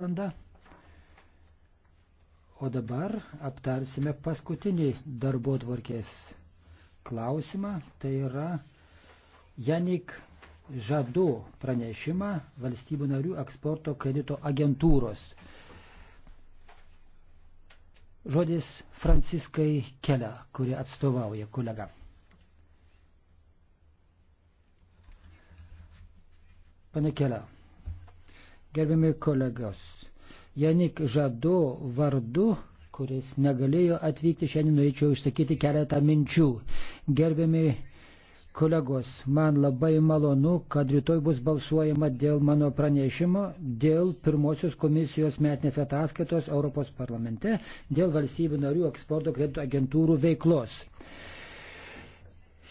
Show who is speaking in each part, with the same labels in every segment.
Speaker 1: valanda. O dabar aptarsime paskutinį darbo tvarkės klausimą. Tai yra Janik Žadu pranešimą valstybių narių eksporto kredito agentūros. Žodis Franciskai Kelia, kuri atstovauja kolega. Pane Kelia. Gerbiami kolegos, Janik Žado vardu, kuris negalėjo atvykti, šiandien norėčiau išsakyti keletą minčių. Gerbiami kolegos, man labai malonu, kad rytoj bus balsuojama dėl mano pranešimo, dėl pirmosios komisijos metinės ataskaitos Europos parlamente, dėl valstybių narių eksporto kredito agentūrų veiklos.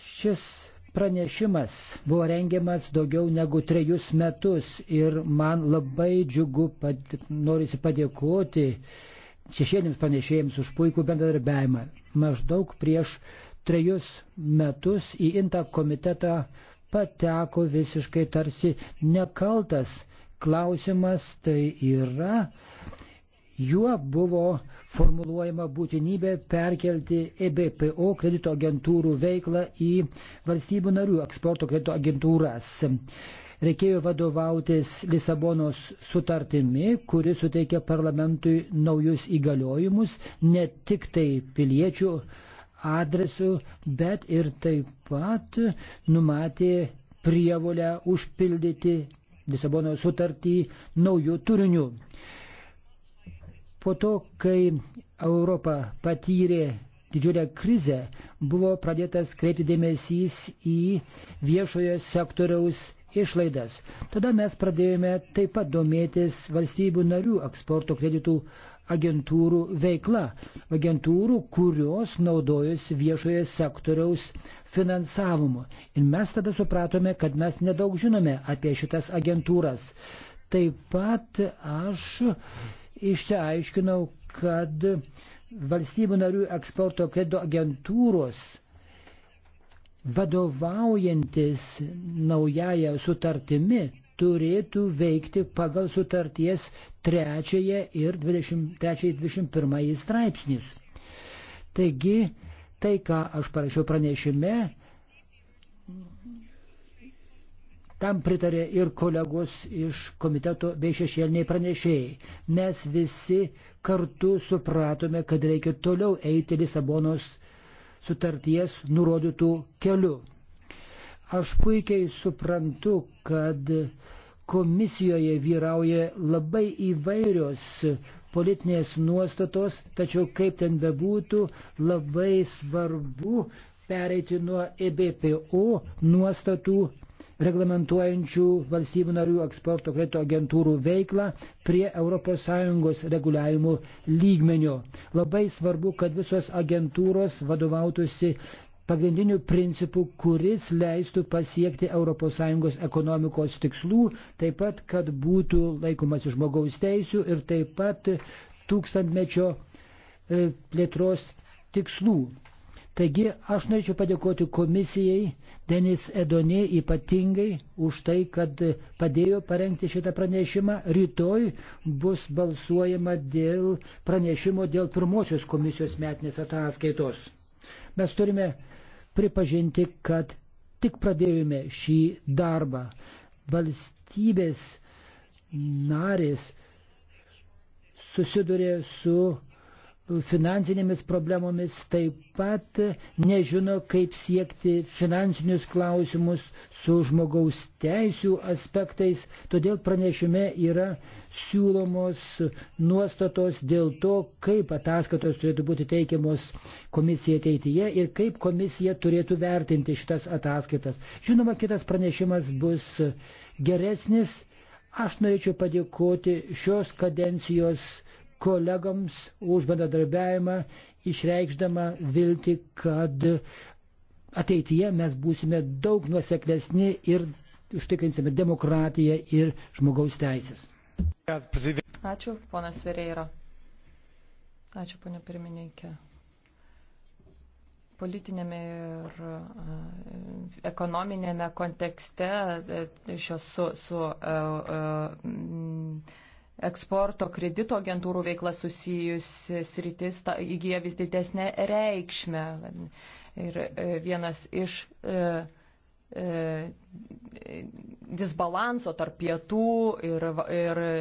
Speaker 1: Šis pranešimas buvo rengiamas daugiau negu trejus metus ir man labai džiugu, pad, norisi padėkoti šešėlėms pranešėjams už puikų bendradarbiavimą. Maždaug prieš trejus metus į intą komitetą pateko visiškai tarsi nekaltas klausimas, tai yra, juo buvo formuluojama būtinybė perkelti EBPO kredito agentūrų veiklą į valstybių narių eksporto kredito agentūras. Reikėjo vadovautis Lisabonos sutartimi, kuri suteikia parlamentui naujus įgaliojimus ne tik tai piliečių adresu, bet ir taip pat numatė prievolę užpildyti Lisabono sutartį naujų turinių. Po to, kai Europa patyrė didžiulę krizę, buvo pradėtas kreipti dėmesys į viešojo sektoriaus išlaidas. Tada mes pradėjome taip pat domėtis valstybių narių eksporto kreditų agentūrų veikla. Agentūrų, kurios naudojasi viešojo sektoriaus finansavimu. Ir mes tada supratome, kad mes nedaug žinome apie šitas agentūras. Taip pat aš išsiaiškinau, kad valstybių narių eksporto kredito agentūros vadovaujantis naująją sutartimi turėtų veikti pagal sutarties 3 ir 23-21 straipsnius. Taigi, tai, ką aš parašiau pranešime, Tam pritarė ir kolegos iš komiteto bei šešėliniai pranešėjai. Mes visi kartu supratome, kad reikia toliau eiti Lisabonos sutarties nurodytų keliu. Aš puikiai suprantu, kad komisijoje vyrauja labai įvairios politinės nuostatos, tačiau kaip ten bebūtų, labai svarbu pereiti nuo EBPO nuostatų reglamentuojančių valstybių narių eksporto kredito agentūrų veiklą prie ES reguliavimų lygmenio. Labai svarbu, kad visos agentūros vadovautųsi pagrindiniu principu, kuris leistų pasiekti ES ekonomikos tikslų, taip pat, kad būtų laikomasi žmogaus teisų ir taip pat tūkstantmečio e, plėtros tikslų. Taigi aš norėčiau padėkoti komisijai, Denis Edonė ypatingai už tai, kad padėjo parengti šitą pranešimą. Rytoj bus balsuojama dėl pranešimo dėl pirmosios komisijos metinės ataskaitos. Mes turime pripažinti, kad tik pradėjome šį darbą. Valstybės narės susidurė su finansinėmis problemomis, taip pat nežino, kaip siekti finansinius klausimus su žmogaus teisų aspektais. Todėl pranešime yra siūlomos nuostatos dėl to, kaip ataskaitos turėtų būti teikiamos komisija ateityje ir kaip komisija turėtų vertinti šitas ataskaitas. Žinoma, kitas pranešimas bus geresnis. Aš norėčiau padėkoti šios kadencijos kolegoms už bendradarbiavimą, išreikšdama vilti, kad ateityje mes būsime daug nuoseklesni ir užtikrinsime demokratiją ir žmogaus teisės. Ačiū,
Speaker 2: ponas Vereira. Ačiū, ponė pirmininkė. Politinėme ir e, ekonominėme kontekste e, šios su. su uh, uh, eksporto kredito agentūrų veikla susijusi sritis ta, įgyja vis didesnę reikšmę. Ir e, vienas iš e, e, disbalanso tarp pietų ir, ir e,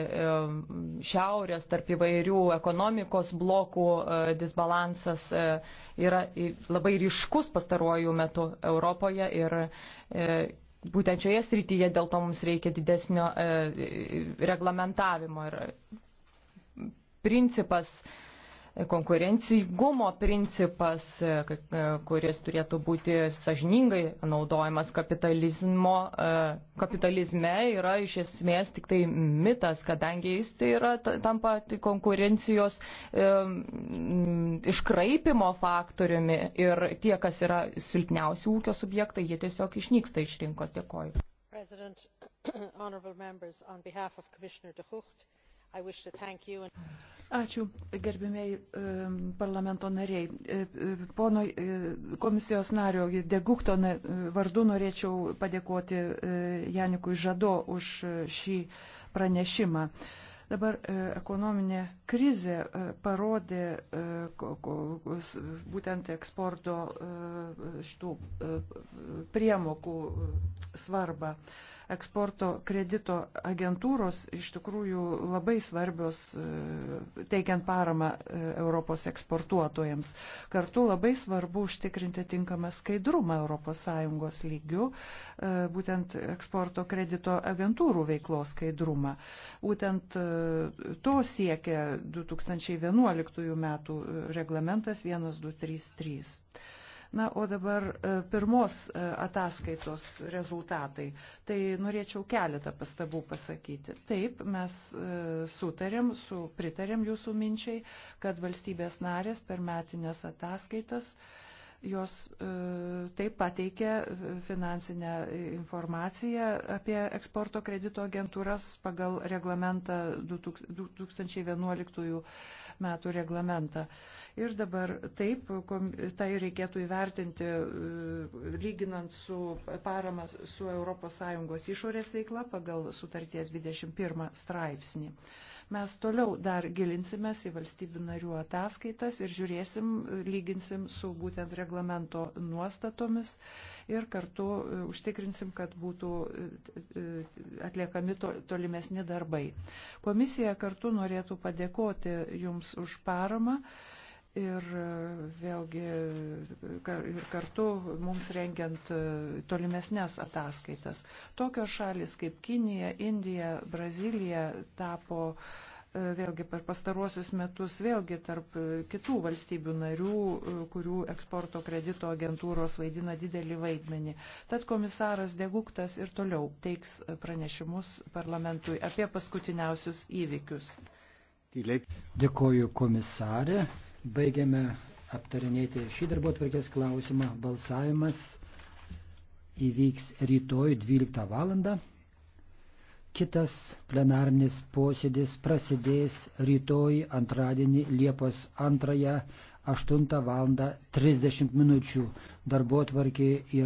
Speaker 2: šiaurės, tarp įvairių ekonomikos blokų e, disbalansas e, yra labai ryškus pastaruoju metu Europoje ir e, būtent šioje srityje dėl to mums reikia didesnio e, e, reglamentavimo ir principas konkurencigumo principas, kuris turėtų būti sažiningai naudojamas e, kapitalizme, yra iš esmės tik tai mitas, kadangi jis tai yra tampa konkurencijos e, iškraipimo faktoriumi ir tie, kas yra silpniausi ūkio subjektai, jie tiesiog išnyksta iš rinkos. Dėkoju. President, honorable members, on behalf of Commissioner de Hucht, I wish to thank you and
Speaker 3: Ačiū, gerbimiai parlamento nariai. E, e, pono e, komisijos nario Degukto vardu norėčiau padėkoti Janikui Žado už šį pranešimą. Dabar ekonominė krizė parodė būtent eksporto šitų priemokų svarbą eksporto kredito agentūros iš tikrųjų labai svarbios e, teikiant paramą e, Europos eksportuotojams. Kartu labai svarbu užtikrinti tinkamą skaidrumą ES lygių, e, būtent eksporto kredito agentūrų veiklos skaidrumą. Būtent to siekia 2011 m. reglamentas 1233. Na, o dabar e, pirmos e, ataskaitos rezultatai. Tai norėčiau keletą pastabų pasakyti. Taip, mes e, sutarėm, su, pritarėm jūsų minčiai, kad valstybės narės per metinės ataskaitas uh, jos e, taip pateikė finansinę informaciją apie eksporto kredito agentūras pagal reglamentą 2011 metų reglamentą. Ir dabar taip, tai reikėtų įvertinti e, lyginant su paramas su ES išorės veikla pagal sutarties 21 straipsnį. Mes toliau dar gilinsimės į valstybių narių ataskaitas ir žiūrėsim, lyginsim su būtent reglamento nuostatomis ir kartu e, užtikrinsim, kad būtų e, e, atliekami tolimesni darbai. Komisija kartu norėtų padėkoti Jums už paramą ir vėlgi ir kartu mums rengiant e, tolimesnės ataskaitas. Tokios šalis kaip Kinija, Indija, Brazilija tapo e, vėlgi per pastaruosius metus vėlgi tarp e, kitų valstybių narių, kurių eksporto kredito agentūros vaidina didelį vaidmenį. Tad komisaras Deguktas ir toliau teiks pranešimus parlamentui apie paskutiniausius įvykius.
Speaker 1: Dėkoju komisarė. Baigiame aptarinėti šį darbo tvarkės klausimą. Balsavimas įvyks rytoj 12 valandą. Kitas plenarnis posėdis prasidės rytoj antradienį Liepos 2 8 val. 30 min. Darbo tvarkė yra.